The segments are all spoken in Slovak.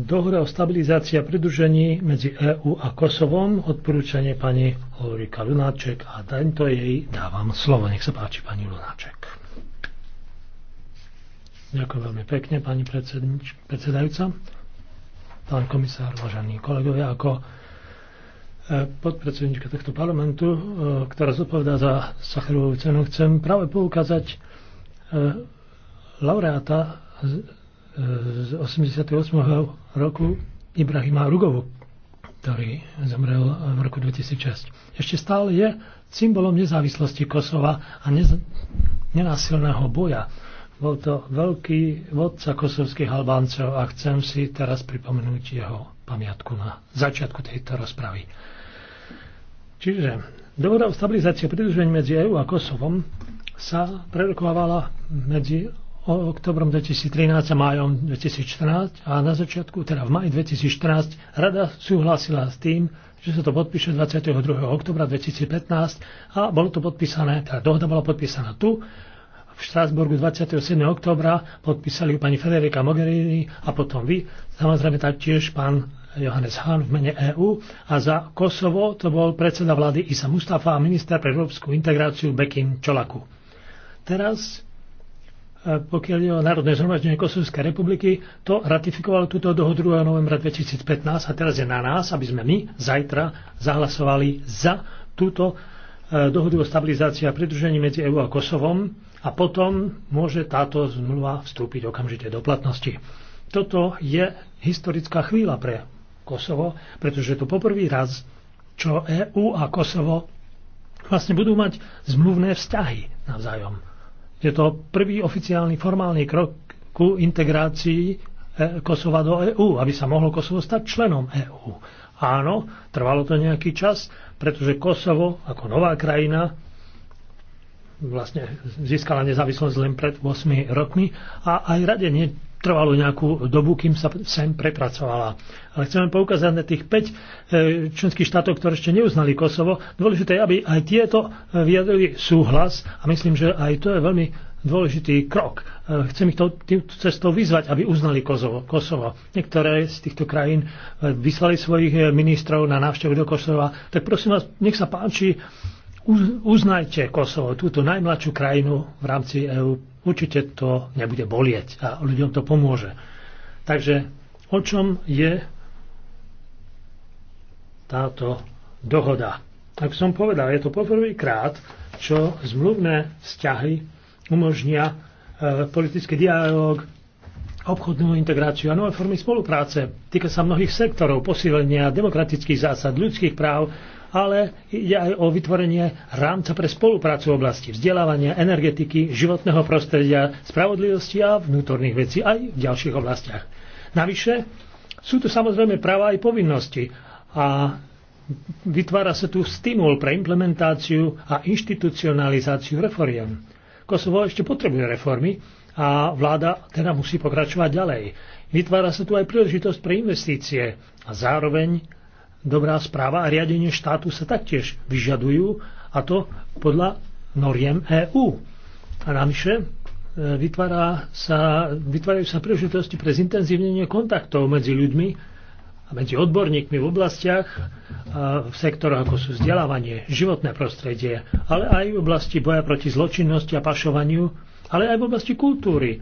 Dohoda o stabilizácii a pridružení medzi EÚ a Kosovom, odporúčanie pani Ulrika Lunáček a to jej dávam slovo. Nech sa páči, pani Lunáček. Ďakujem veľmi pekne, pani predsedajúca. Pán komisár, vážení kolegovia, ako e, podpredsednička tohto parlamentu, e, ktorá zodpovedá za Sacharovú cenu, chcem práve poukázať e, laureáta z 88. roku Ibrahima Rugovu, ktorý zomrel v roku 2006. Ešte stále je symbolom nezávislosti Kosova a nez- nenásilného boja. Bol to veľký vodca kosovských Albáncov a chcem si teraz pripomenúť jeho pamiatku na začiatku tejto rozpravy. Čiže dohoda o stabilizácii a medzi EU a Kosovom sa prerokovávala medzi oktobrom 2013 a májom 2014 a na začiatku, teda v maji 2014, rada súhlasila s tým, že sa to podpíše 22. oktobra 2015 a bolo to podpísané, teda dohoda bola podpísaná tu, v Štrásburgu 27. oktobra podpísali ju pani Federica Mogherini a potom vy, samozrejme taktiež pán Johannes Hahn v mene EÚ a za Kosovo to bol predseda vlády Isa Mustafa a minister pre európsku integráciu Bekim Čolaku. Teraz E, pokiaľ je o Národné zhromaždenie Kosovskej republiky, to ratifikovalo túto dohodu 2. novembra 2015 a teraz je na nás, aby sme my zajtra zahlasovali za túto e, dohodu o stabilizácii a pridružení medzi EU a Kosovom a potom môže táto zmluva vstúpiť okamžite do platnosti. Toto je historická chvíľa pre Kosovo, pretože to poprvý raz, čo EU a Kosovo vlastne budú mať zmluvné vzťahy navzájom. Je to prvý oficiálny formálny krok ku integrácii e, Kosova do EÚ, aby sa mohlo Kosovo stať členom EÚ. Áno, trvalo to nejaký čas, pretože Kosovo ako nová krajina vlastne získala nezávislosť len pred 8 rokmi a aj rade nie trvalo nejakú dobu, kým sa sem prepracovala. Ale chceme poukázať na tých 5 e, členských štátov, ktoré ešte neuznali Kosovo. Dôležité je, aby aj tieto e, vyjadrili súhlas a myslím, že aj to je veľmi dôležitý krok. E, chcem ich týmto cestou vyzvať, aby uznali Kosovo. Kosovo. Niektoré z týchto krajín vyslali svojich ministrov na návštevu do Kosova. Tak prosím vás, nech sa páči, uznajte Kosovo, túto najmladšiu krajinu v rámci EÚ určite to nebude bolieť a ľuďom to pomôže. Takže o čom je táto dohoda? Tak som povedal, je to poprvýkrát, čo zmluvné vzťahy umožnia e, politický dialog, obchodnú integráciu a nové formy spolupráce. Týka sa mnohých sektorov, posilenia demokratických zásad, ľudských práv, ale ide aj o vytvorenie rámca pre spoluprácu v oblasti vzdelávania, energetiky, životného prostredia, spravodlivosti a vnútorných vecí aj v ďalších oblastiach. Navyše sú tu samozrejme práva aj povinnosti a vytvára sa tu stimul pre implementáciu a inštitucionalizáciu reforiem. Kosovo ešte potrebuje reformy a vláda teda musí pokračovať ďalej. Vytvára sa tu aj príležitosť pre investície a zároveň dobrá správa a riadenie štátu sa taktiež vyžadujú, a to podľa noriem EÚ. A navyše e, vytvára sa, vytvárajú sa príležitosti pre zintenzívnenie kontaktov medzi ľuďmi, a medzi odborníkmi v oblastiach, v sektoroch ako sú vzdelávanie, životné prostredie, ale aj v oblasti boja proti zločinnosti a pašovaniu, ale aj v oblasti kultúry.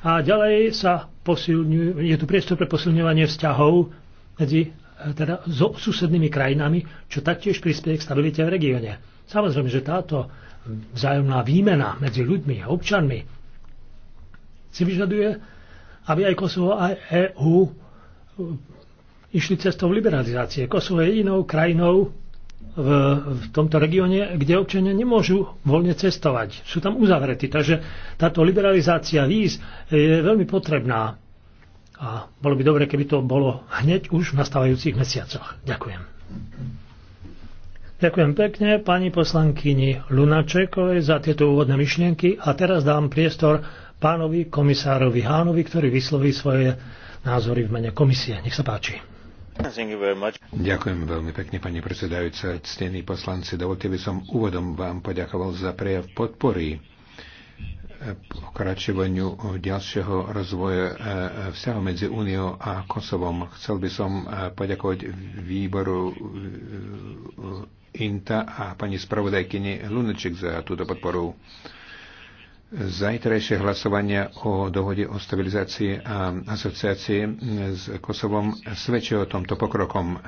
A ďalej sa posilňuje, je tu priestor pre posilňovanie vzťahov medzi teda so susednými krajinami, čo taktiež prispieje k stabilite v regióne. Samozrejme, že táto vzájomná výmena medzi ľuďmi a občanmi si vyžaduje, aby aj Kosovo a EU išli cestou liberalizácie. Kosovo je jedinou krajinou v, v tomto regióne, kde občania nemôžu voľne cestovať. Sú tam uzavretí. Takže táto liberalizácia víz je veľmi potrebná a bolo by dobre, keby to bolo hneď už v nastávajúcich mesiacoch. Ďakujem. Ďakujem pekne pani poslankyni Lunačekovej za tieto úvodné myšlienky a teraz dám priestor pánovi komisárovi Hánovi, ktorý vysloví svoje názory v mene komisie. Nech sa páči. Ďakujem veľmi pekne, pani predsedajúca, ctení poslanci. Dovolte by som úvodom vám poďakoval za prejav podpory pokračovaniu ďalšieho rozvoja e, e, vzťahu medzi Úniou a Kosovom. Chcel by som e, poďakovať výboru INTA a pani spravodajkyni Lunečik za túto podporu. Zajtrajšie hlasovania o dohode o stabilizácii a asociácii s Kosovom svedčia o tomto pokrokom.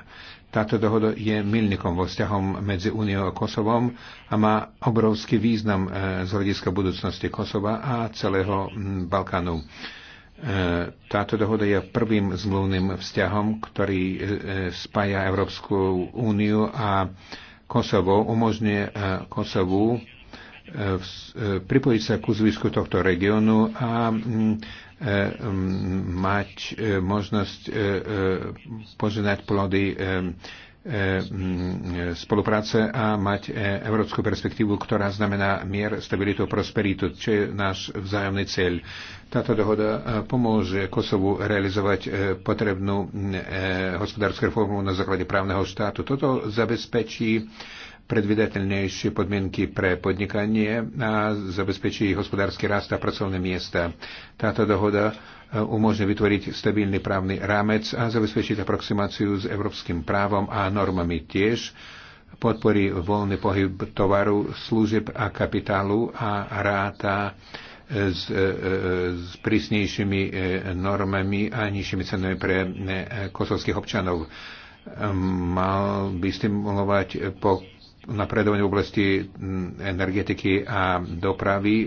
Táto dohoda je milníkom vo vzťahom medzi Úniou a Kosovom a má obrovský význam e, z hľadiska budúcnosti Kosova a celého Balkánu. E, táto dohoda je prvým zmluvným vzťahom, ktorý e, spája Európsku úniu a Kosovo, umožňuje Kosovu pripojiť sa ku zvisku tohto regiónu a mm, e, mm, mať e, možnosť e, poženať plody mm, spolupráce a mať európsku perspektívu, ktorá znamená mier, stabilitu, prosperitu, čo je náš vzájomný cieľ. Táto dohoda pomôže Kosovu realizovať potrebnú hospodárskú reformu na základe právneho štátu. Toto zabezpečí predvydateľnejšie podmienky pre podnikanie a zabezpečí hospodársky rast a pracovné miesta. Táto dohoda e, umožňuje vytvoriť stabilný právny rámec a zabezpečiť aproximáciu s európskym právom a normami tiež podporí voľný pohyb tovaru, služieb a kapitálu a ráta e, s, e, s prísnejšími normami a nižšími cenami pre kosovských občanov mal by stimulovať po napredovanie v oblasti energetiky a dopravy e,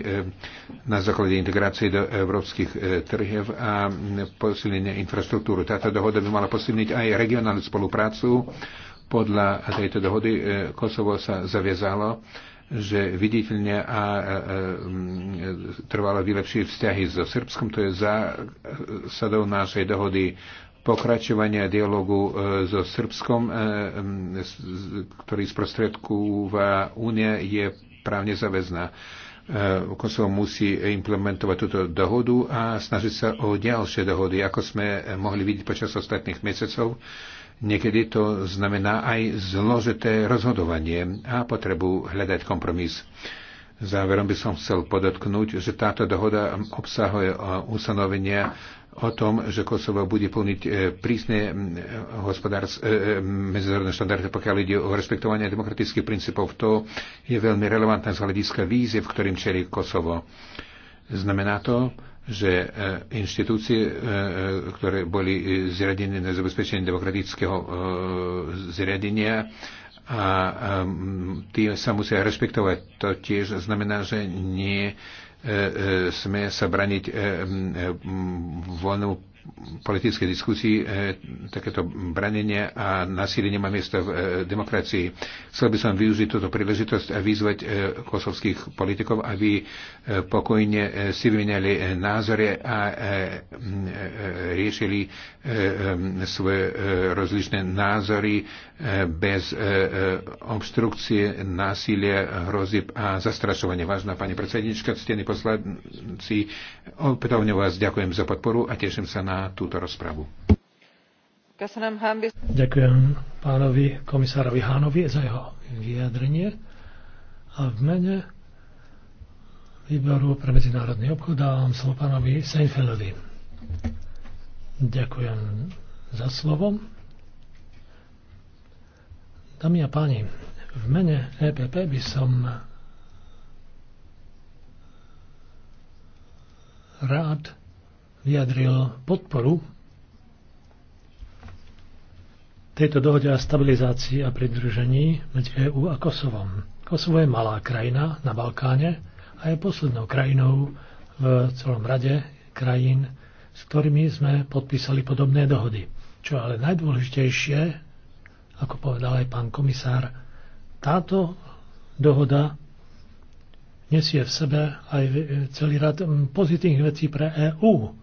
na základe integrácie do európskych e, trhiev a posilnenie infraštruktúry. Táto dohoda by mala posilniť aj regionálnu spoluprácu. Podľa tejto dohody e, Kosovo sa zaviazalo, že viditeľne a trvalo vylepšie vzťahy so Srbskom. To je zásadou našej dohody pokračovania dialogu e, so Srbskom, e, ktorý sprostredkúva Únia, je právne záväzná. E, Kosovo musí implementovať túto dohodu a snažiť sa o ďalšie dohody, ako sme mohli vidieť počas ostatných mesiacov. Niekedy to znamená aj zložité rozhodovanie a potrebu hľadať kompromis. Záverom by som chcel podotknúť, že táto dohoda obsahuje e, ustanovenia o tom, že Kosovo bude plniť e, prísne e, medzinárodné štandardy, pokiaľ ide o rešpektovanie demokratických princípov. To je veľmi relevantné z hľadiska vízie, v ktorým čelí Kosovo. Znamená to, že inštitúcie, ktoré boli zriadené na zabezpečenie demokratického zriadenia, a ehm, tie sa musia rešpektovať. To tiež znamená, že nie e, e, sme sa braniť ehm, e, voľnému politickej diskusii e, takéto branenie a násilie nemá miesto v e, demokracii. Chcel by som využiť túto príležitosť a vyzvať e, kosovských politikov, aby e, pokojne e, si vymenali e, názory a e, e, e, riešili e, e, svoje e, rozličné názory e, bez e, e obštrukcie, násilia, hrozieb a zastrašovania. Vážna pani predsednička, ctení poslanci, opätovne vás ďakujem za podporu a teším sa na na túto rozpravu. Ďakujem pánovi komisárovi Hánovi za jeho vyjadrenie. A v mene výboru pre medzinárodný obchod dávam slovo pánovi Seinfeldovi. Ďakujem za slovo. Dámy a páni, v mene EPP by som rád vyjadril podporu tejto dohode o stabilizácii a pridružení medzi EÚ a Kosovom. Kosovo je malá krajina na Balkáne a je poslednou krajinou v celom rade krajín, s ktorými sme podpísali podobné dohody. Čo ale najdôležitejšie, ako povedal aj pán komisár, táto dohoda nesie v sebe aj celý rad pozitívnych vecí pre EÚ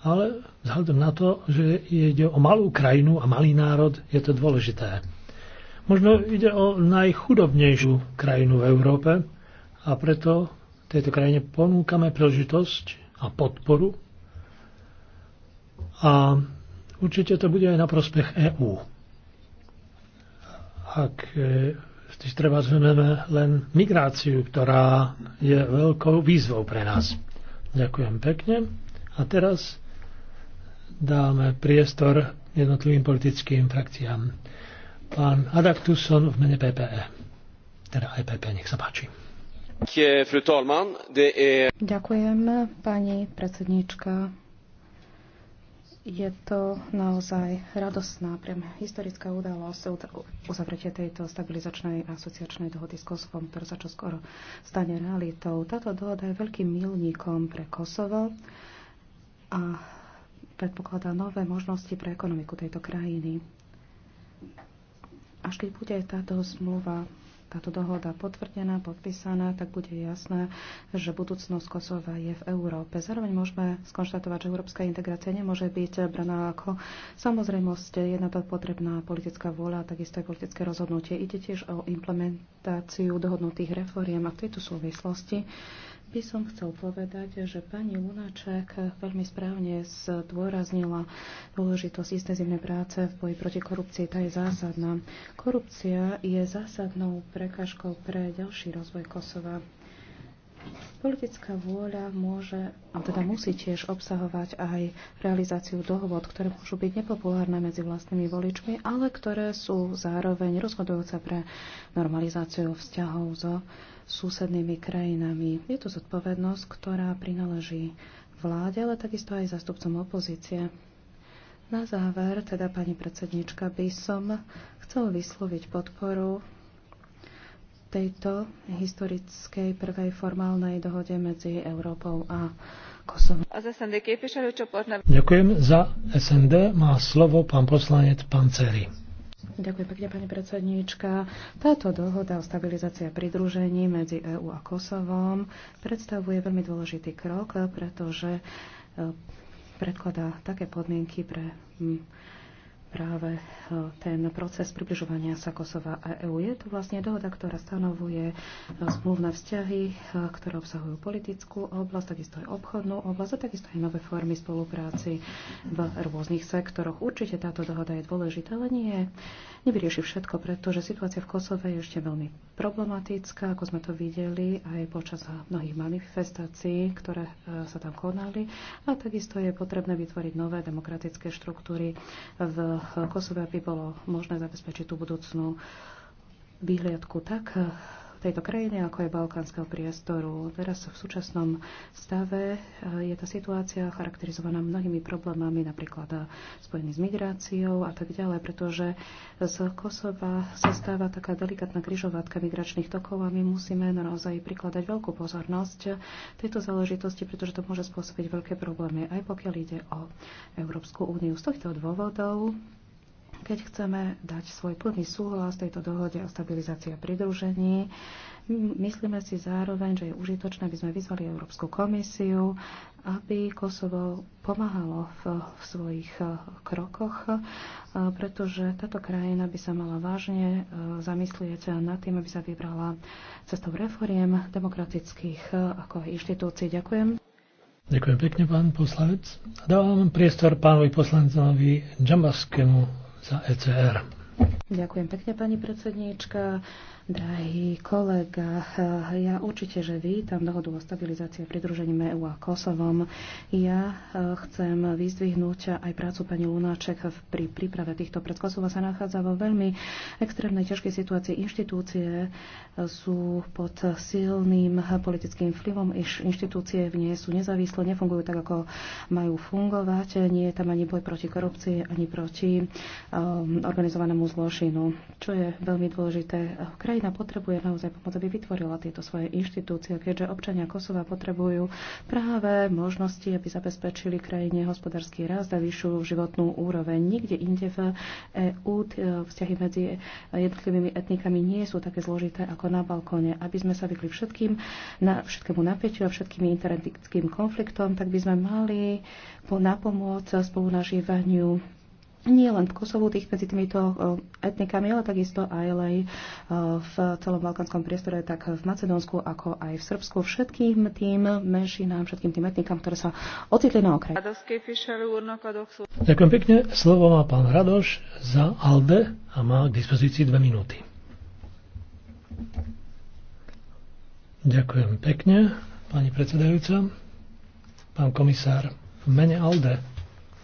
ale vzhľadom na to, že ide o malú krajinu a malý národ, je to dôležité. Možno ide o najchudobnejšiu krajinu v Európe a preto tejto krajine ponúkame príležitosť a podporu a určite to bude aj na prospech EÚ. Ak e, si treba zmeneme len migráciu, ktorá je veľkou výzvou pre nás. Ďakujem pekne. A teraz dáme priestor jednotlivým politickým frakciám. Pán Adaktusson v mene PPE. Teda aj e PPE, nech sa páči. Ďakujem, pani predsednička. Je to naozaj radosná, priam historická udalosť uzavretie tejto stabilizačnej a asociačnej dohody s Kosovom, ktorá sa čoskoro stane realitou. Táto dohoda je veľkým milníkom pre Kosovo a predpokladá nové možnosti pre ekonomiku tejto krajiny. Až keď bude táto zmluva táto dohoda potvrdená, podpísaná, tak bude jasné, že budúcnosť Kosova je v Európe. Zároveň môžeme skonštatovať, že európska integrácia nemôže byť braná ako samozrejmosť. Je na to potrebná politická vôľa a takisto aj politické rozhodnutie. Ide tiež o implementáciu dohodnutých reforiem a v tejto súvislosti by som chcel povedať, že pani Lunaček veľmi správne zdôraznila dôležitosť intenzívnej práce v boji proti korupcii. Tá je zásadná. Korupcia je zásadnou prekažkou pre ďalší rozvoj Kosova. Politická vôľa môže, a teda musí tiež obsahovať aj realizáciu dohovod, ktoré môžu byť nepopulárne medzi vlastnými voličmi, ale ktoré sú zároveň rozhodujúce pre normalizáciu vzťahov so susednými krajinami. Je to zodpovednosť, ktorá prináleží vláde, ale takisto aj zastupcom opozície. Na záver, teda pani predsednička, by som chcel vysloviť podporu tejto historickej prvej formálnej dohode medzi Európou a Kosovom. Ďakujem. Za SND má slovo pán poslanec Panceri. Ďakujem pekne, pani predsedníčka. Táto dohoda o stabilizácii a pridružení medzi EÚ a Kosovom predstavuje veľmi dôležitý krok, pretože eh, predkladá také podmienky pre hm, práve e, ten proces približovania sa Kosova a EÚ. Je to vlastne dohoda, ktorá stanovuje zmluvné e, vzťahy, e, ktoré obsahujú politickú oblasť, takisto aj obchodnú oblasť a takisto aj nové formy spolupráci v rôznych sektoroch. Určite táto dohoda je dôležitá, ale nie nevyrieši všetko, pretože situácia v Kosove je ešte veľmi problematická, ako sme to videli aj počas mnohých manifestácií, ktoré sa tam konali. A takisto je potrebné vytvoriť nové demokratické štruktúry v Kosove, aby bolo možné zabezpečiť tú budúcnú výhliadku tak, tejto krajiny, ako aj balkánskeho priestoru. Teraz v súčasnom stave eh, je tá situácia charakterizovaná mnohými problémami, napríklad eh, spojený s migráciou a tak ďalej, pretože z Kosova sa stáva taká delikatná kryžovatka migračných tokov a my musíme naozaj prikladať veľkú pozornosť tejto záležitosti, pretože to môže spôsobiť veľké problémy, aj pokiaľ ide o Európsku úniu. Z tohto dôvodov keď chceme dať svoj plný súhlas tejto dohode o stabilizácii a pridružení. Myslíme si zároveň, že je užitočné, aby sme vyzvali Európsku komisiu, aby Kosovo pomáhalo v, v svojich eh, krokoch, eh, pretože táto krajina by sa mala vážne eh, zamyslieť nad tým, aby sa vybrala cestou reforiem demokratických ako aj inštitúcií. Ďakujem. Ďakujem pekne, pán poslanec. Dávam priestor pánovi poslancovi Džambaskému za ECR. Ďakujem pekne, pani predsedníčka. Drahý kolega, ja určite, že vítam dohodu o stabilizácii a pridružení EU e a Kosovom. Ja eh, chcem vyzdvihnúť aj prácu pani Lunáček pri príprave týchto pred Kosovo sa nachádza vo veľmi extrémnej ťažkej situácii. Inštitúcie eh, sú pod silným politickým vplyvom, inštitúcie v nie sú nezávislé, nefungujú tak, ako majú fungovať. Nie je tam ani boj proti korupcii, ani proti eh, organizovanému zlož menšinu, čo je veľmi dôležité. Krajina potrebuje naozaj pomoc, aby vytvorila tieto svoje inštitúcie, keďže občania Kosova potrebujú práve možnosti, aby zabezpečili krajine hospodársky rast a vyššiu životnú úroveň. Nikde inde v EU e, vzťahy medzi jednotlivými etnikami nie sú také zložité ako na balkóne. Aby sme sa vykli všetkým, na, všetkému napätiu a všetkým internetickým konfliktom, tak by sme mali na pomoc spolunažívaniu nie len v Kosovu, tých medzi týmito eh, etnikami, ale takisto aj lej eh, v celom balkánskom priestore, tak v Macedónsku, ako aj v Srbsku, všetkým tým menšinám, všetkým tým etnikám, ktoré sa ocitli na okraji. Ďakujem pekne. Slovo má pán Radoš za ALDE a má k dispozícii dve minúty. Ďakujem pekne, pani predsedajúca. Pán komisár, v mene ALDE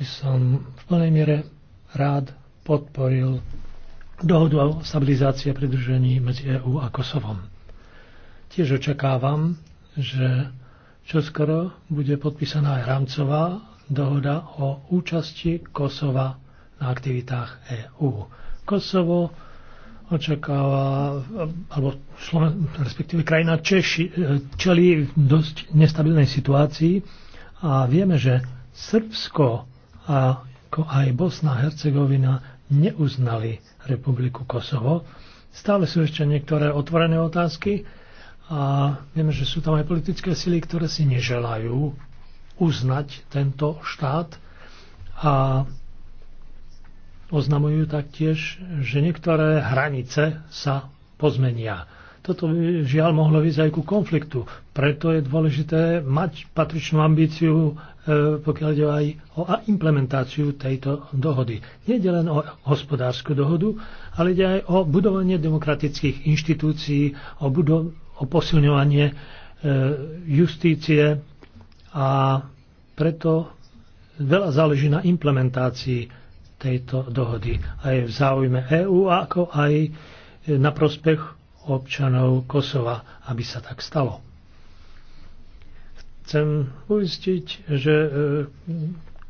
by som v plnej miere rád podporil dohodu o stabilizácii a pridružení medzi EÚ a Kosovom. Tiež očakávam, že čoskoro bude podpísaná aj rámcová dohoda o účasti Kosova na aktivitách EÚ. Kosovo očakáva, alebo Sloven, respektíve krajina Češi, e, čeli v dosť nestabilnej situácii a vieme, že Srbsko a ako aj Bosna a Hercegovina neuznali Republiku Kosovo. Stále sú ešte niektoré otvorené otázky a vieme, že sú tam aj politické sily, ktoré si neželajú uznať tento štát a oznamujú taktiež, že niektoré hranice sa pozmenia. Toto by žiaľ mohlo výjsť aj ku konfliktu. Preto je dôležité mať patričnú ambíciu E, pokiaľ ide aj o implementáciu tejto dohody. Nie ide len o hospodárskú dohodu, ale ide aj o budovanie demokratických inštitúcií, o, budo- o posilňovanie e, justície a preto veľa záleží na implementácii tejto dohody. Aj v záujme EÚ, ako aj na prospech občanov Kosova, aby sa tak stalo. Chcem uistiť, že e,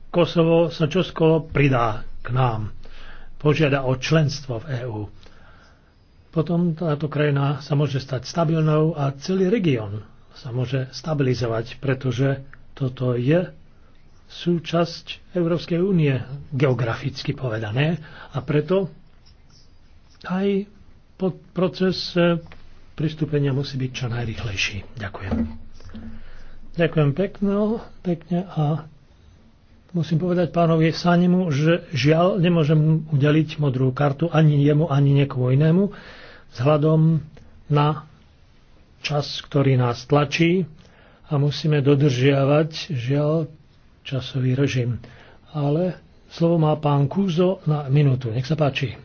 Kosovo sa čoskoro pridá k nám. Požiada o členstvo v EÚ. Potom táto krajina sa môže stať stabilnou a celý región sa môže stabilizovať, pretože toto je súčasť Európskej únie, geograficky povedané, a preto aj proces e, pristúpenia musí byť čo najrychlejší. Ďakujem. Ďakujem pekno, pekne a musím povedať pánovi Sanimu, že žiaľ nemôžem udeliť modrú kartu ani jemu, ani niekomu inému vzhľadom na čas, ktorý nás tlačí a musíme dodržiavať žiaľ časový režim. Ale slovo má pán Kúzo na minútu. Nech sa páči.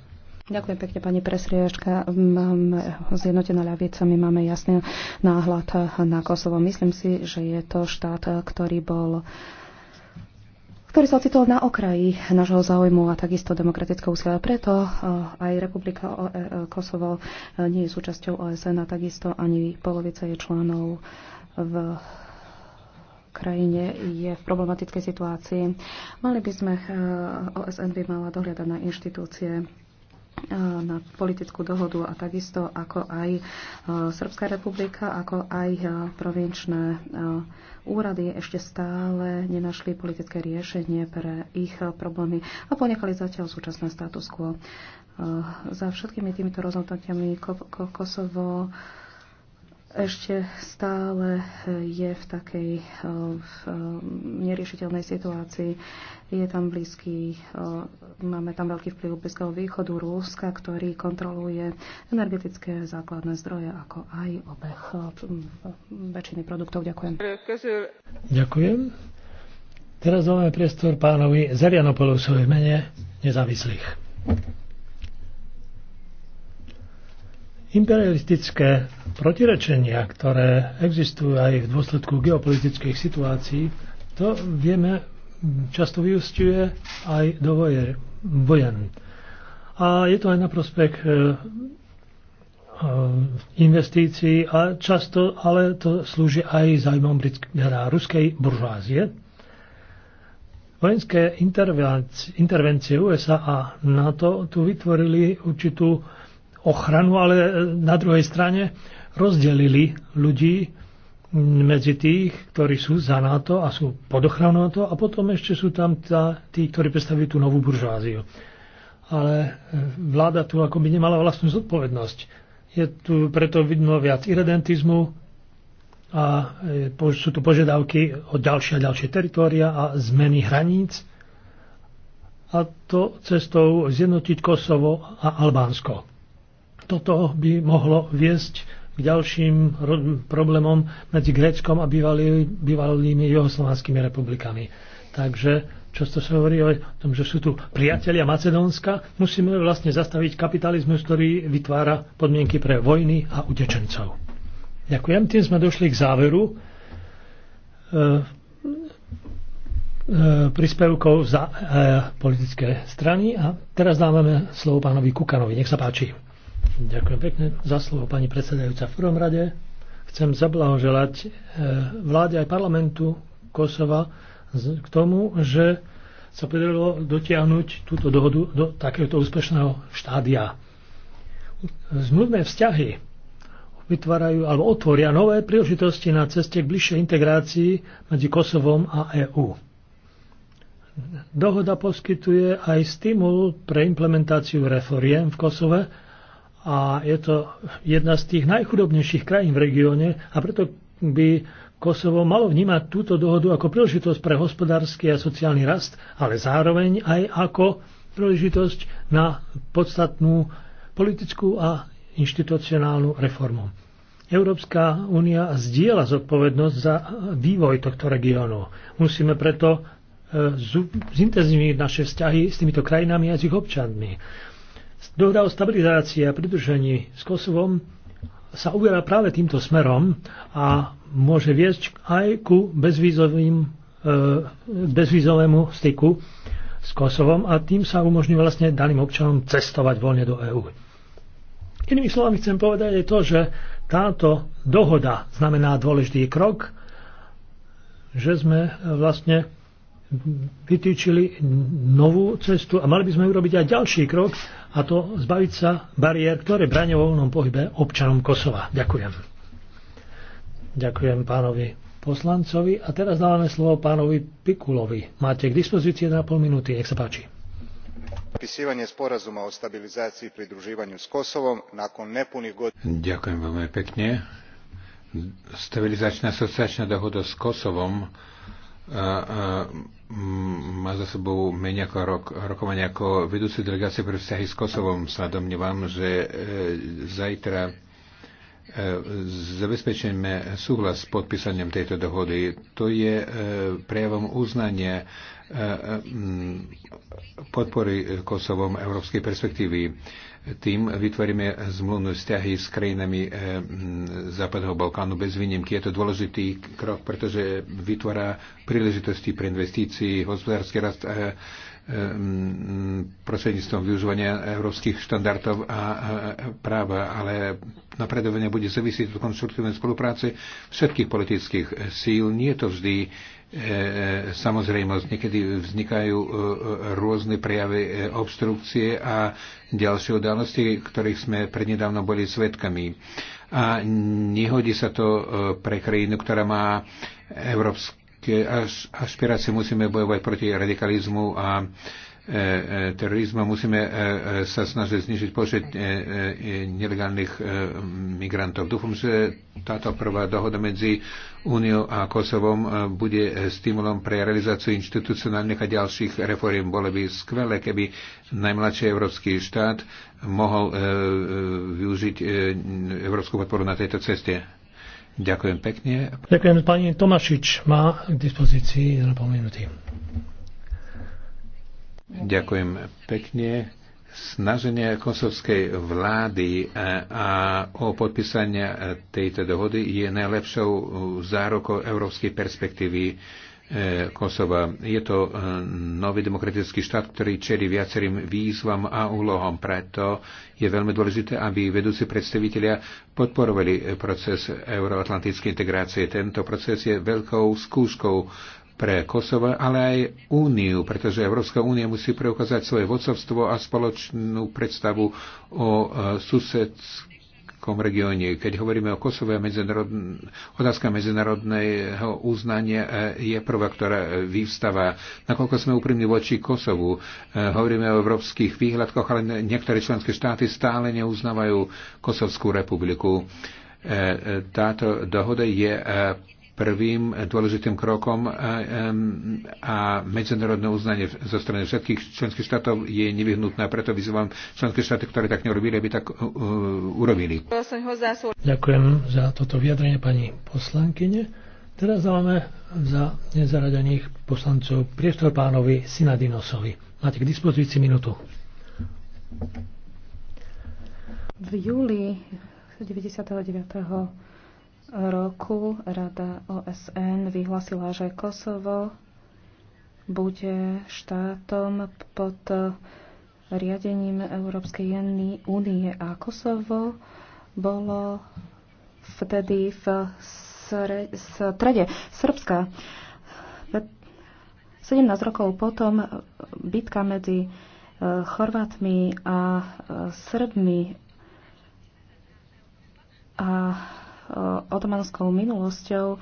Ďakujem pekne, pani presriačka. Máme zjednotená ľavica, my máme jasný náhľad na Kosovo. Myslím si, že je to štát, ktorý bol ktorý sa ocitol na okraji nášho záujmu a takisto demokratického úsilia. Preto eh, aj Republika eh, eh, Kosovo nie je súčasťou OSN a takisto ani polovica je členov v krajine je v problematickej situácii. Mali by sme, OSN by mala dohľadať na inštitúcie Eh, na politickú dohodu a takisto ako aj eh, Srbská republika, ako aj eh, provinčné úrady ešte stále nenašli politické riešenie pre ich problémy a ponechali zatiaľ súčasné status quo. Za všetkými týmito rozhodnutiami Kosovo ešte stále eh, je v takej eh, v eh, neriešiteľnej situácii. Je tam blízky, máme tam veľký vplyv Blízkeho východu Rúska, ktorý kontroluje energetické základné zdroje, ako aj obeh väčšiny produktov. Ďakujem. Ďakujem. Teraz dáme priestor pánovi Zerianopolusovi mene nezávislých. Imperialistické protirečenia, ktoré existujú aj v dôsledku geopolitických situácií, to vieme, často vyústiuje aj do vojer, vojen. A je to aj na prospech e, e, investícií a často ale to slúži aj zájmom teda ruskej buržázie. Vojenské intervencie USA a NATO tu vytvorili určitú ochranu, ale e, na druhej strane rozdelili ľudí medzi tých, ktorí sú za NATO a sú pod ochranou NATO a potom ešte sú tam tá, tí, ktorí predstavujú tú novú buržáziu. Ale e, vláda tu akoby nemala vlastnú zodpovednosť. Je tu preto vidno viac irredentizmu a e, sú tu požiadavky o ďalšie a ďalšie teritória a zmeny hraníc a to cestou zjednotiť Kosovo a Albánsko toto by mohlo viesť k ďalším problémom medzi Gréckom a bývalý, bývalými juhoslovanskými republikami. Takže často sa hovorí o tom, že sú tu priatelia Macedónska, musíme vlastne zastaviť kapitalizmus, ktorý vytvára podmienky pre vojny a utečencov. Ďakujem, tým sme došli k záveru e, e, príspevkov za e, politické strany a teraz dávame slovo pánovi Kukanovi. Nech sa páči. Ďakujem pekne za slovo, pani predsedajúca. V prvom rade chcem zablahoželať e, vláde aj parlamentu Kosova k tomu, že sa podarilo dotiahnuť túto dohodu do takéhoto úspešného štádia. Zmluvné vzťahy vytvárajú alebo otvoria nové príležitosti na ceste k bližšej integrácii medzi Kosovom a EÚ. Dohoda poskytuje aj stimul pre implementáciu reforiem v Kosove, a je to jedna z tých najchudobnejších krajín v regióne a preto by Kosovo malo vnímať túto dohodu ako príležitosť pre hospodársky a sociálny rast, ale zároveň aj ako príležitosť na podstatnú politickú a inštitucionálnu reformu. Európska únia zdieľa zodpovednosť za vývoj tohto regiónu. Musíme preto e, zintenzívniť naše vzťahy s týmito krajinami a s ich občanmi. Dohoda o stabilizácii a pridružení s Kosovom sa uberá práve týmto smerom a môže viesť aj ku bezvízovým, e, bezvízovému styku s Kosovom a tým sa umožní vlastne daným občanom cestovať voľne do EÚ. Inými slovami chcem povedať aj to, že táto dohoda znamená dôležitý krok, že sme vlastne vytýčili novú cestu a mali by sme urobiť aj ďalší krok a to zbaviť sa bariér, ktoré bráňa voľnom pohybe občanom Kosova. Ďakujem. Ďakujem pánovi poslancovi a teraz dávame slovo pánovi Pikulovi. Máte k dispozícii 1,5 minúty, nech sa páči. Potpisivanje sporazuma o stabilizácii pri družívaniu s Kosovom nakon nepúnych godín. Ďakujem veľmi pekne. Stabilizačná asociačná dohoda s Kosovom má za sebou menej ako rok, rokovania ako vedúci delegácie pre vzťahy s Kosovom. Sa domnívam, že e, zajtra e, zabezpečíme súhlas s podpísaním tejto dohody. To je e, prejavom uznania e, e, podpory Kosovom európskej perspektívy. E, tým vytvoríme zmluvné vzťahy s krajinami eh, Západného Balkánu bez výnimky. Je to dôležitý krok, pretože vytvára príležitosti pre investícii, hospodársky rast eh, eh, prostredníctvom využívania európskych štandardov a práva, ale napredovanie bude závisieť od konštruktívnej spolupráce všetkých politických síl. Nie je to vždy E, e, samozrejmosť. Niekedy vznikajú e, rôzne prejavy obstrukcie a ďalšie udalosti, ktorých sme prednedávno boli svetkami. A nehodí sa to pre krajinu, ktorá má európske aspirácie, Musíme bojovať proti radikalizmu a E, e, terorizmu musíme e, sa snažiť znižiť počet nelegálnych migrantov. Dúfam, že táto prvá dohoda medzi Úniou a Kosovom bude stimulom pre realizáciu inštitucionálnych a ďalších reforiem. Bolo by skvelé, keby najmladší európsky štát mohol využiť európsku podporu na tejto ceste. Ďakujem pekne. Ďakujem. Pani Tomašič má k dispozícii na pol minúty. Ďakujem pekne. Snaženie kosovskej vlády e, a o podpísanie tejto dohody je najlepšou zárokou európskej perspektívy e, Kosova. Je to e, nový demokratický štát, ktorý čeli viacerým výzvam a úlohom. Preto je veľmi dôležité, aby vedúci predstavitelia podporovali proces euroatlantickej integrácie. Tento proces je veľkou skúškou pre Kosovo, ale aj Úniu, pretože Európska únia musí preukázať svoje vodcovstvo a spoločnú predstavu o e, susedskom regióne. Keď hovoríme o Kosove, medzinárodn... otázka medzinárodného uznania e, je prvá, ktorá vyvstáva. Nakoľko sme úprimní voči Kosovu, e, hovoríme o európskych výhľadkoch, ale niektoré členské štáty stále neuznávajú Kosovskú republiku táto dohoda je prvým dôležitým krokom a medzinárodné uznanie zo strany všetkých členských štátov je nevyhnutné, preto vyzývam členské štáty, ktoré tak neurobili, aby tak urobili. Ďakujem za toto vyjadrenie pani poslankyne. Teraz máme za nezaradených poslancov priestor pánovi Sinadinosovi. Máte k dispozícii minútu. V júli 99 roku Rada OSN vyhlasila, že Kosovo bude štátom pod riadením Európskej únie a Kosovo bolo vtedy v strede Srbska. 17 rokov potom bitka medzi e, Chorvátmi a e, Srbmi a Eh, otomanskou minulosťou eh,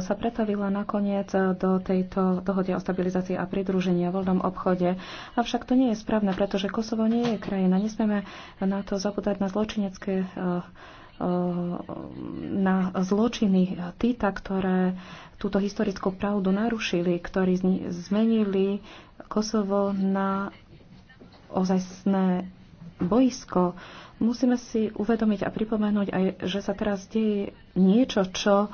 sa pretavila nakoniec do tejto dohody o stabilizácii a pridružení a voľnom obchode. Avšak to nie je správne, pretože Kosovo nie je krajina. Nesmieme na to zabúdať na zločinecké eh, na zločiny Tita, ktoré túto historickú pravdu narušili, ktorí zmenili Kosovo na ozajstné boisko Musíme si uvedomiť a pripomenúť aj, že sa teraz deje niečo, čo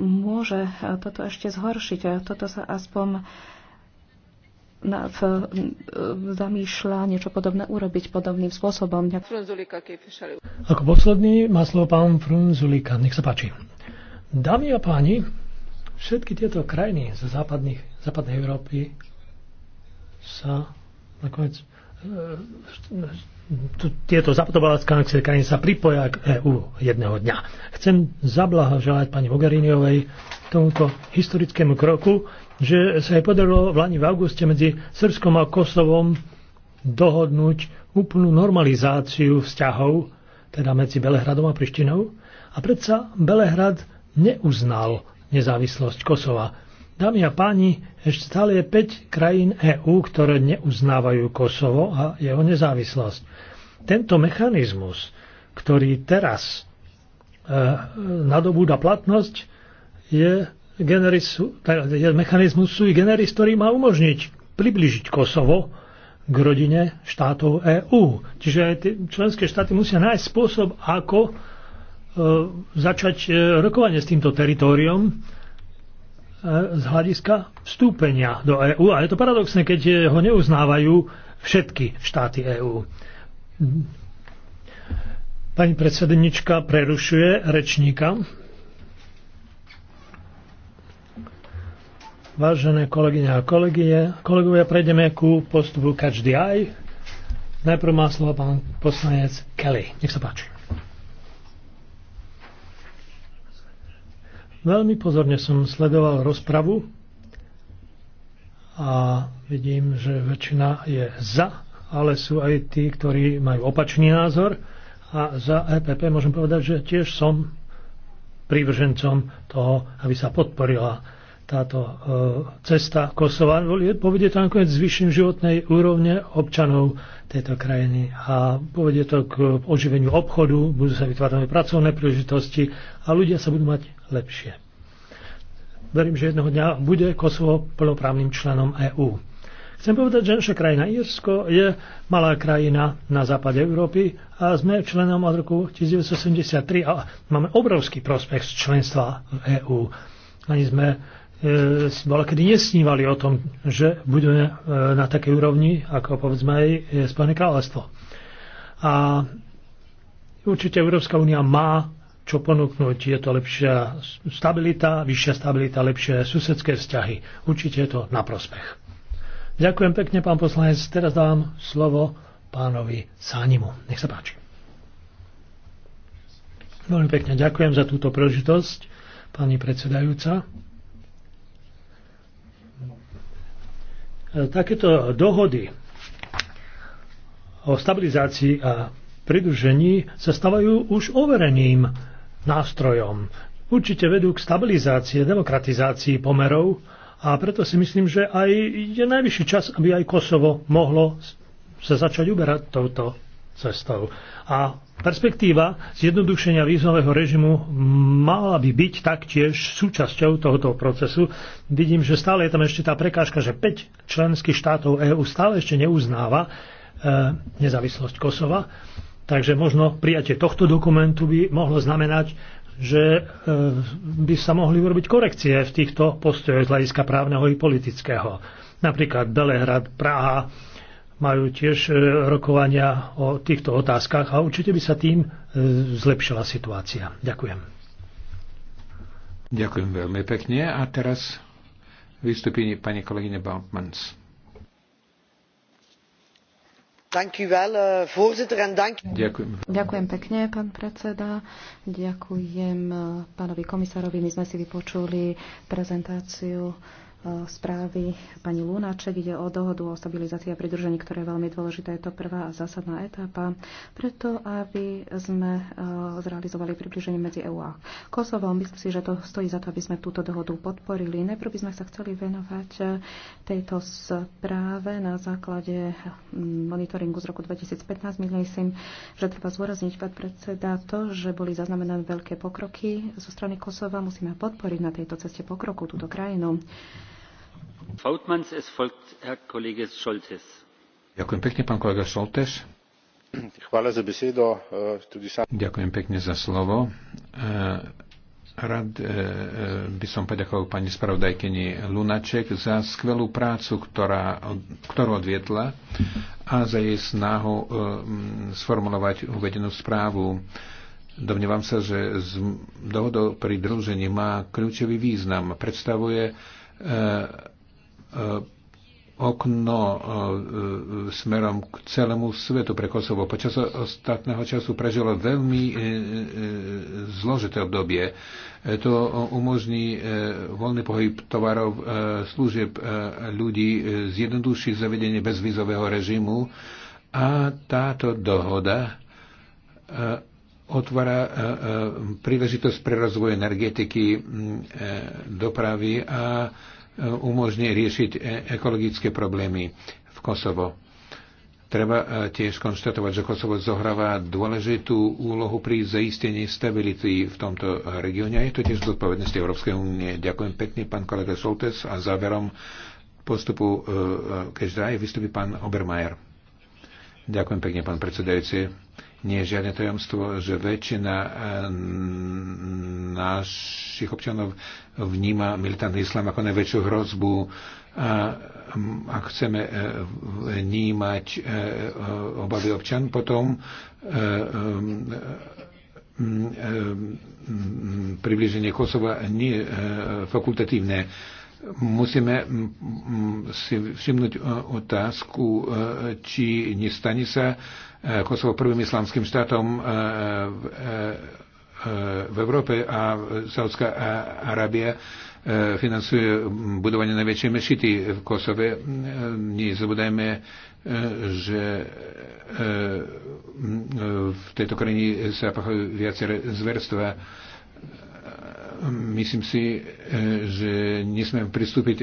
môže toto ešte zhoršiť. Toto sa aspoň na, v, zamýšľa niečo podobné urobiť podobným spôsobom. Ako posledný má slovo pán Frunzulika. Nech sa páči. Dámy a páni, všetky tieto krajiny zo západných, západnej Európy sa nakoniec e, tieto západobalskánske krajiny sa pripoja k EÚ jedného dňa. Chcem zablahoželať pani Mogheriniovej tomuto historickému kroku, že sa jej podarilo v Lani v auguste medzi Srbskom a Kosovom dohodnúť úplnú normalizáciu vzťahov, teda medzi Belehradom a Prištinou. A predsa Belehrad neuznal nezávislosť Kosova. Dámy a páni, ešte stále je 5 krajín EÚ, ktoré neuznávajú Kosovo a jeho nezávislosť. Tento mechanizmus, ktorý teraz e, nadobúda platnosť, je, generis, teda je mechanizmus sui generis, ktorý má umožniť približiť Kosovo k rodine štátov EÚ. Čiže aj tie členské štáty musia nájsť spôsob, ako e, začať e, rokovanie s týmto teritoriom z hľadiska vstúpenia do EÚ. A je to paradoxné, keď ho neuznávajú všetky štáty EÚ. Pani predsednička prerušuje rečníka. Vážené kolegyne a kolegie, kolegovia, prejdeme ku postupu Catch the Eye. Najprv má slovo pán poslanec Kelly. Nech sa páči. Veľmi pozorne som sledoval rozpravu a vidím, že väčšina je za, ale sú aj tí, ktorí majú opačný názor a za EPP môžem povedať, že tiež som prívržencom toho, aby sa podporila táto e, cesta Kosova no, povedie to nakoniec zvyšeniu životnej úrovne občanov tejto krajiny a povedie to k oživeniu obchodu, budú sa vytvárať pracovné príležitosti a ľudia sa budú mať lepšie. Verím, že jednoho dňa bude Kosovo plnoprávnym členom EÚ. Chcem povedať, že naša krajina Írsko je malá krajina na západe Európy a sme členom od roku 1973 a máme obrovský prospech z členstva v EÚ. Ani sme E, bola, kedy nesnívali o tom, že budú e, na takej úrovni, ako povedzme aj e, Spojené kráľovstvo. A určite Európska únia má čo ponúknuť. Je to lepšia stabilita, vyššia stabilita, lepšie susedské vzťahy. Určite je to na prospech. Ďakujem pekne, pán poslanec. Teraz dám slovo pánovi Sánimu. Nech sa páči. Veľmi pekne ďakujem za túto príležitosť, pani predsedajúca. E, takéto dohody o stabilizácii a pridružení sa stavajú už overeným nástrojom. Určite vedú k stabilizácii, demokratizácii pomerov a preto si myslím, že aj je najvyšší čas, aby aj Kosovo mohlo sa začať uberať touto cestou. A Perspektíva zjednodušenia vízového režimu mala by byť taktiež súčasťou tohoto procesu. Vidím, že stále je tam ešte tá prekážka, že 5 členských štátov EÚ stále ešte neuznáva e, nezávislosť Kosova. Takže možno prijatie tohto dokumentu by mohlo znamenať, že e, by sa mohli urobiť korekcie v týchto postojoch z hľadiska právneho i politického. Napríklad Belehrad, Praha, majú tiež e, rokovania o týchto otázkach a určite by sa tým e, zlepšila situácia. Ďakujem. Ďakujem veľmi pekne a teraz vystupí pani kolegyne Baumans. Uh, Ďakujem. Ďakujem pekne, pán predseda. Ďakujem uh, pánovi komisárovi. My sme si vypočuli prezentáciu uh, správy pani Lunaček. Ide o dohodu o stabilizácii a pridružení, ktoré je veľmi dôležité. Je to prvá a zásadná etapa, preto aby sme eh, zrealizovali približenie medzi EU a Kosovom. Myslím si, že to stojí za to, aby sme túto dohodu podporili. Najprv by sme sa chceli venovať eh, tejto správe na základe hm, monitoringu z roku 2015. Myslím, že treba zúrazniť pán predseda to, že boli zaznamenané veľké pokroky zo strany Kosova. Musíme podporiť na tejto ceste pokroku túto krajinu. Ďakujem pekne, pán kolega Šoltes. E, Ďakujem pekne za slovo. E, Rád e, by som poďakoval pani spravodajkyni Lunaček za skvelú prácu, ktorá, ktorú odvietla a za jej snahu sformulovať uvedenú správu. Domnievam sa, že z dohodou pri družení má kľúčový význam. Predstavuje E, okno e, e, smerom k celému svetu pre Kosovo. Počas ostatného času prežilo veľmi zložité obdobie. To umožní voľný pohyb tovarov, služieb ľudí, zjednoduší zavedenie bezvizového režimu a táto dohoda otvára príležitosť pre rozvoj energetiky, dopravy a E, umožní riešiť e, ekologické problémy v Kosovo. Treba e, tiež konštatovať, že Kosovo zohráva dôležitú úlohu pri zaistení stability v tomto regióne a je to tiež zodpovednosť Európskej únie. Ďakujem pekne, pán kolega Soltes a záverom postupu, keď aj vystupí pán Obermajer. Ďakujem pekne, pán predsedajúci. Nie je žiadne tajomstvo, že väčšina eh, našich občanov vníma militantný islám ako najväčšiu hrozbu a ak chceme eh, vnímať eh, obavy občan, potom približenie Kosova nie je fakultatívne musíme si všimnúť otázku, či nestane sa E, Kosovo prvým islamským štátom e, e, v Európe a Saudská Arábia financuje budovanie najväčšej mešity v Kosove. Nezabudajme, že v tejto krajine sa pachajú viaceré zverstva. Myslím si, že nesmiem pristúpiť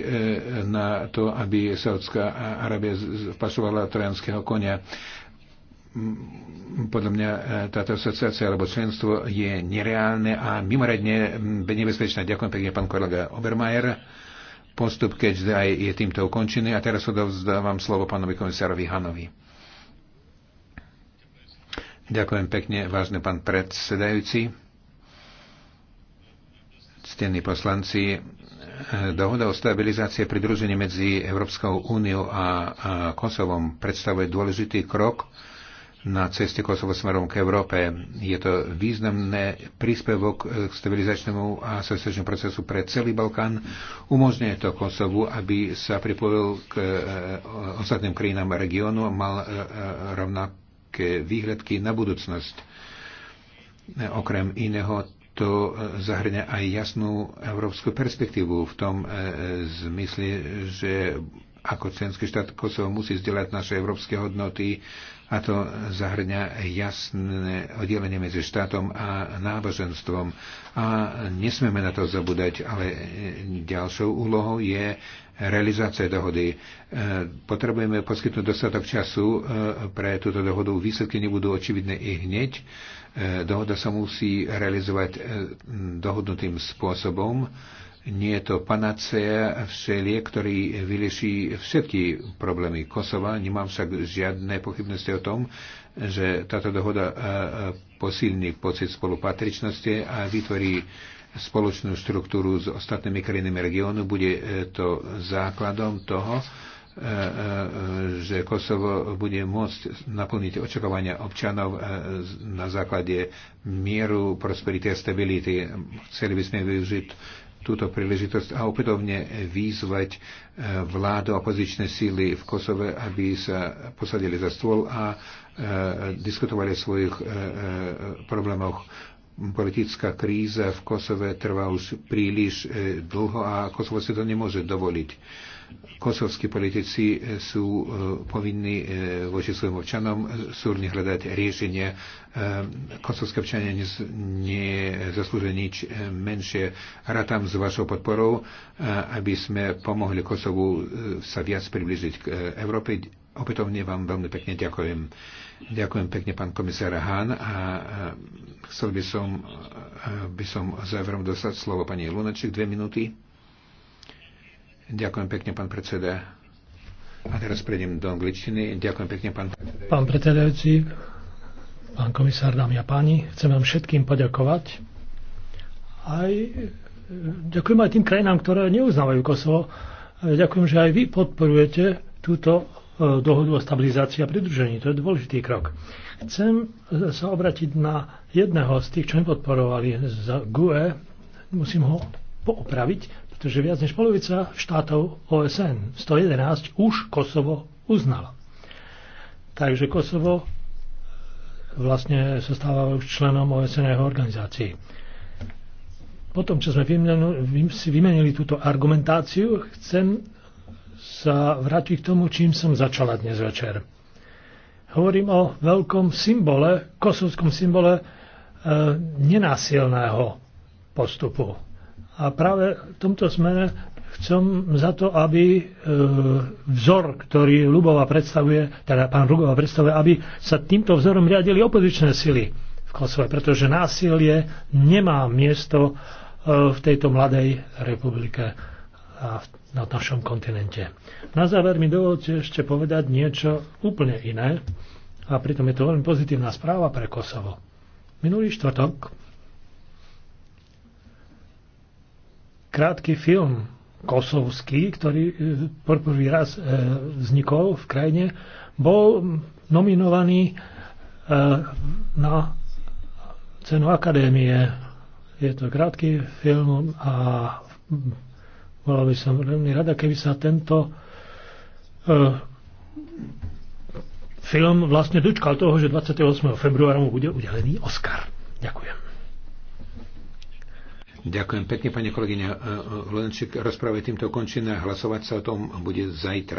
na to, aby Saudská Arábia vpasovala trojanského konia podľa mňa e, táto asociácia alebo členstvo je nereálne a mimoriadne nebezpečné. Ďakujem pekne, pán kolega Obermajer. Postup, keďže aj je týmto ukončený. A teraz odovzdávam slovo pánovi komisárovi Hanovi. Ďakujem pekne, vážny pán predsedajúci. Ctení poslanci, e, dohoda o stabilizácie a pridružení medzi Európskou úniou a Kosovom predstavuje dôležitý krok na ceste Kosovo smerom k Európe. Je to významné príspevok k stabilizačnému a sociálnemu procesu pre celý Balkán. Umožňuje to Kosovu, aby sa pripojil k e, e, ostatným krajinám regiónu a mal e, rovnaké výhľadky na budúcnosť. Okrem iného to zahrňa aj jasnú európsku perspektívu v tom zmysle, že ako členský štát Kosovo musí zdieľať naše európske hodnoty, a to zahrňa jasné oddelenie medzi štátom a náboženstvom. A nesmieme na to zabúdať, ale e, ďalšou úlohou je realizácia dohody. E, potrebujeme poskytnúť dostatok času e, pre túto dohodu. Výsledky nebudú očividné i hneď. Dohoda sa musí realizovať dohodnutým spôsobom nie je to panacea všelie, ktorý vyrieši všetky problémy Kosova. Nemám však žiadne pochybnosti o tom, že táto dohoda e, posilní pocit spolupatričnosti a vytvorí spoločnú štruktúru s ostatnými krajinami regiónu. Bude e, to základom toho, e, že Kosovo bude môcť naplniť očakávania občanov na základe mieru, prosperity a stability. Chceli by sme využiť túto príležitosť a opätovne výzvať e, vládu a opozičné síly v Kosove, aby sa posadili za stôl a e, diskutovali o svojich e, problémoch. Politická kríza v Kosove trvá už príliš dlho a Kosovo si to nemôže dovoliť kosovskí politici e, sú e, povinní e, voči svojim občanom súrne hľadať riešenie. Kosovské občania nezaslúžia nič menšie. Rátam s vašou podporou, aby sme pomohli Kosovu sa viac približiť k Európe. Opätovne vám veľmi pekne ďakujem. Ďakujem pekne, pán komisár Hahn. A chcel by som, by som záverom dostať slovo pani Lunaček, dve minúty. Ďakujem pekne, pán predseda. A teraz prejdem do angličtiny. Ďakujem pekne, pán predsedajúci. Pán predsedajúci, pán komisár, dámy a páni, chcem vám všetkým poďakovať. Aj, ďakujem aj tým krajinám, ktoré neuznávajú Kosovo. Ďakujem, že aj vy podporujete túto e, dohodu o stabilizácii a pridružení. To je dôležitý krok. Chcem e, sa obratiť na jedného z tých, čo nepodporovali z GUE. Musím ho poopraviť pretože viac než polovica štátov OSN, 111, už Kosovo uznala. Takže Kosovo e, vlastne sa stáva už členom OSN organizácií. Potom, čo sme si vymenili túto argumentáciu, chcem sa vrátiť k tomu, čím som začala dnes večer. Hovorím o veľkom symbole, kosovskom symbole e, nenásilného postupu. A práve v tomto smere chcem za to, aby e, vzor, ktorý Lubova predstavuje, teda pán Rugova predstavuje, aby sa týmto vzorom riadili opozičné sily v Kosove, pretože násilie nemá miesto e, v tejto mladej republike a na našom kontinente. Na záver mi dovolte ešte povedať niečo úplne iné, a pritom je to veľmi pozitívna správa pre Kosovo. Minulý štvrtok krátky film kosovský, ktorý e, prvý raz e, vznikol v krajine, bol nominovaný e, na cenu akadémie. Je to krátky film a bola by som veľmi rada, keby sa tento film vlastne dočkal toho, že 28. februára mu bude udelený Oscar. Ďakujem. Ďakujem pekne, pani kolegyňa eh, eh, Lenčík. Rozpráva týmto končená. Hlasovať sa o tom bude zajtra.